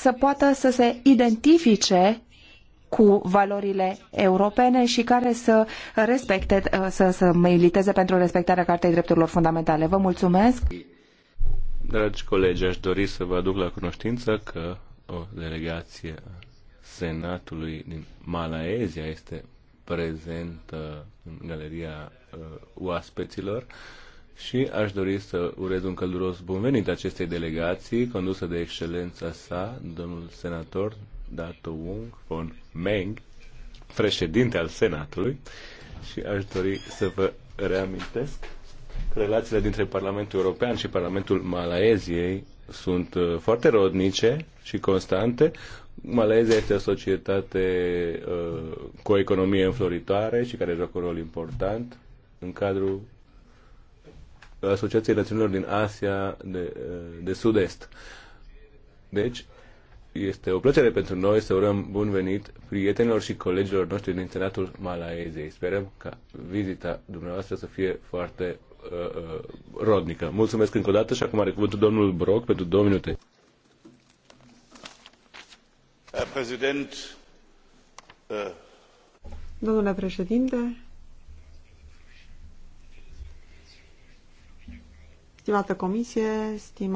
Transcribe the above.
să poată să se identifice cu valorile europene și care să respecte, să, să militeze pentru respectarea Cartei Drepturilor Fundamentale. Vă mulțumesc! Dragi colegi, aș dori să vă aduc la cunoștință că o delegație a Senatului din Malaezia este prezentă în galeria uh, oaspeților și aș dori să urez un călduros bun venit acestei delegații condusă de excelența sa, domnul senator Dato Wong von Meng, președinte al Senatului și aș dori să vă reamintesc că relațiile dintre Parlamentul European și Parlamentul Malaeziei sunt uh, foarte rodnice și constante. Malaezia este o societate uh, cu o economie înfloritoare și care joacă un rol important în cadrul Asociației Națiunilor din Asia de, de Sud-Est. Deci, este o plăcere pentru noi să urăm bun venit prietenilor și colegilor noștri din Senatul Malaeziei. Sperăm ca vizita dumneavoastră să fie foarte uh, uh, rodnică. Mulțumesc încă o dată și acum are cuvântul domnul Broc pentru două minute. Äh, Domnule președinte, Stimată Comisie, stimată